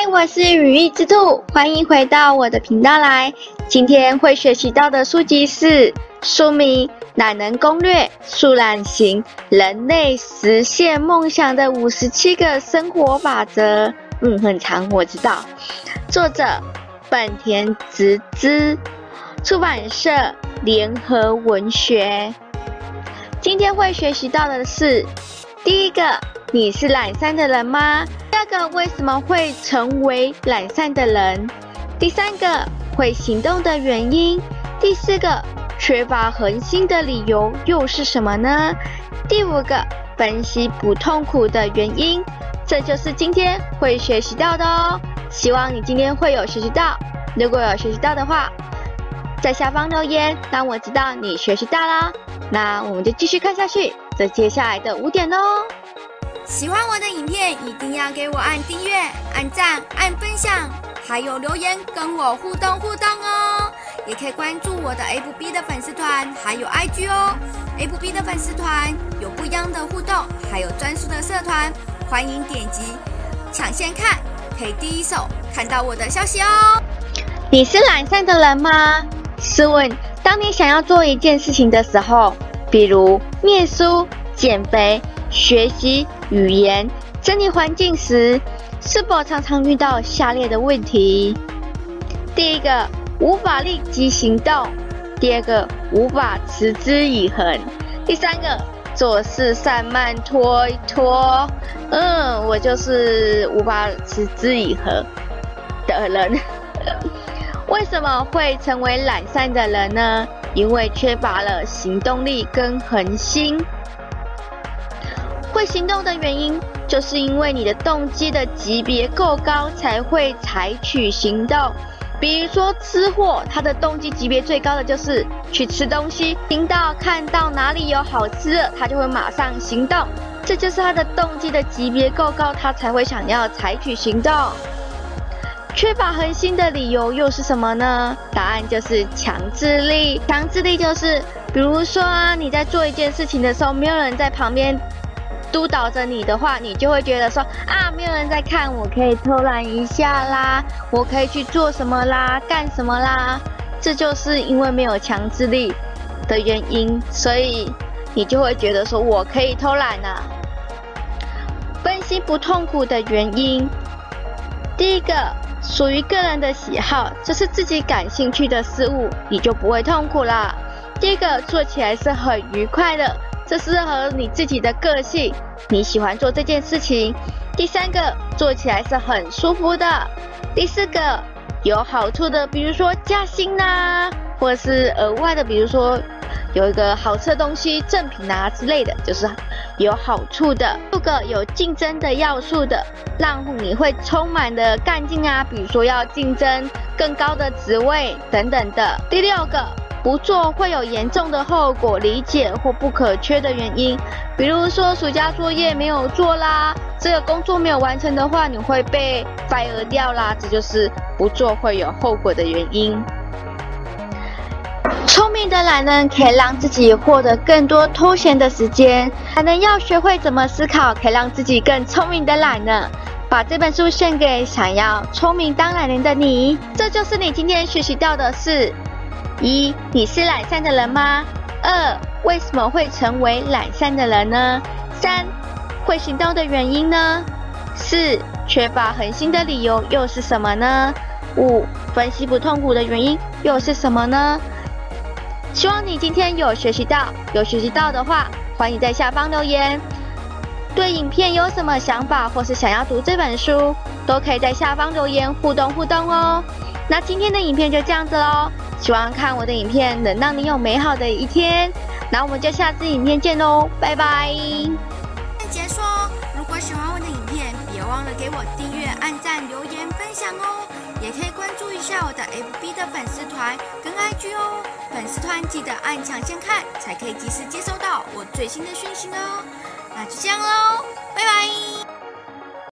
Hi, 我是羽翼之兔，歡迎回到我的頻道來。今天會學習到的書籍是書名《懶人攻略：樹懶型人類實現夢想的五十七個生活法則》。嗯，很長，我知道。作者：本田直之，出版社：聯合文學。今天會學習到的是第一個。你是懶散的人嗎？第二個為什麼會成為懶散的人？第三個會行動的原因？第四個缺乏恆心的理由又是什麼呢？第五個分析不痛苦的原因？這就是今天會學習到的哦。希望你今天會有學習到。如果有學習到的話，在下方留言，讓我知道你學習到啦。那我們就繼續看下去，這接下來的五點哦。喜歡我的影片，一定要給我按訂閱、按讚、按分享，還有留言跟我互動互動哦。也可以關注我的 F B 的粉絲團，還有 I G 哦。F B 的粉絲團有不一樣的互動，還有專屬的社團，歡迎點擊搶先看，可以第一手看到我的消息哦。你是懶散的人嗎？試問，當你想要做一件事情的時候，比如念書、減肥、學習。語言整理環境時，是否常常遇到下列的問題？第一個，無法立即行動；第二個，無法持之以恆；第三個，做事散漫拖一拖。嗯，我就是無法持之以恆的人。為什麼會成為懶散的人呢？因為缺乏了行動力跟恆心。會行動的原因，就是因為你的動機的級別夠高，才會採取行動。比如說吃，吃貨他的動機級別最高的就是去吃東西，聽到看到哪裡有好吃的，他就會馬上行動。這就是他的動機的級別夠高，他才會想要採取行動。缺乏恆心的理由又是什麼呢？答案就是強制力。強制力就是，比如說啊，你在做一件事情的時候，沒有人在旁邊，督導着你的話，你就會覺得說啊，沒有人在看，我可以偷懶一下啦，我可以去做什麼啦，幹什麼啦？這就是因為沒有強制力的原因，所以你就會覺得說我可以偷懶啊。分心不痛苦的原因，第一個屬於個人的喜好，這、就是自己感興趣的事物，你就不會痛苦啦。第一個做起來是很愉快的。這是合你自己的個性，你喜歡做這件事情。第三個，做起來是很舒服的。第四個，有好處的，比如說加薪吶、啊，或者是額外的，比如說有一個好吃的東西、贈品吶、啊、之類的，就是有好處的。第個，有競爭的要素的，讓你會充滿的幹勁啊，比如說要競爭更高的職位等等的。第六個。不做會有嚴重的後果、理解或不可缺的原因，比如說暑假作業沒有做啦，這個工作沒有完成的話，你會被 fire 掉啦，這就是不做會有後果的原因。聰明的懶呢，可以讓自己獲得更多偷閒的時間，還能要學會怎麼思考，可以讓自己更聰明的懶呢。把這本書獻給想要聰明當懶人的你，這就是你今天學習到的事。一，你是懶散的人嗎？二，為什麼會成為懶散的人呢？三，會行動的原因呢？四，缺乏恆心的理由又是什麼呢？五，分析不痛苦的原因又是什麼呢？希望你今天有學習到，有學習到的話，歡迎在下方留言。對影片有什麼想法，或是想要讀這本書，都可以在下方留言互動互動哦。那今天的影片就這樣子嘍。希望看我的影片，能讓你有美好的一天。那我們就下次影片見嘍，拜拜。影片結束哦，如果喜歡我的影片，別忘了給我訂閱、按讚、留言、分享哦。也可以關注一下我的 FB 的粉絲團跟 IG 哦。粉絲團記得按搶先看，才可以及時接收到我最新的訊息哦。那就這樣嘍，拜拜。